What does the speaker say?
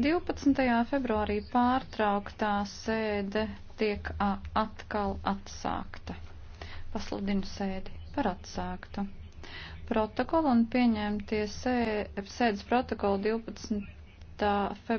12. februārī pārtrauktā sēde tiek atkal atsākta. Pasludinu sēdi par atsāktu. Protokolu un pieņemtie sēdes protokolu 12. februārī.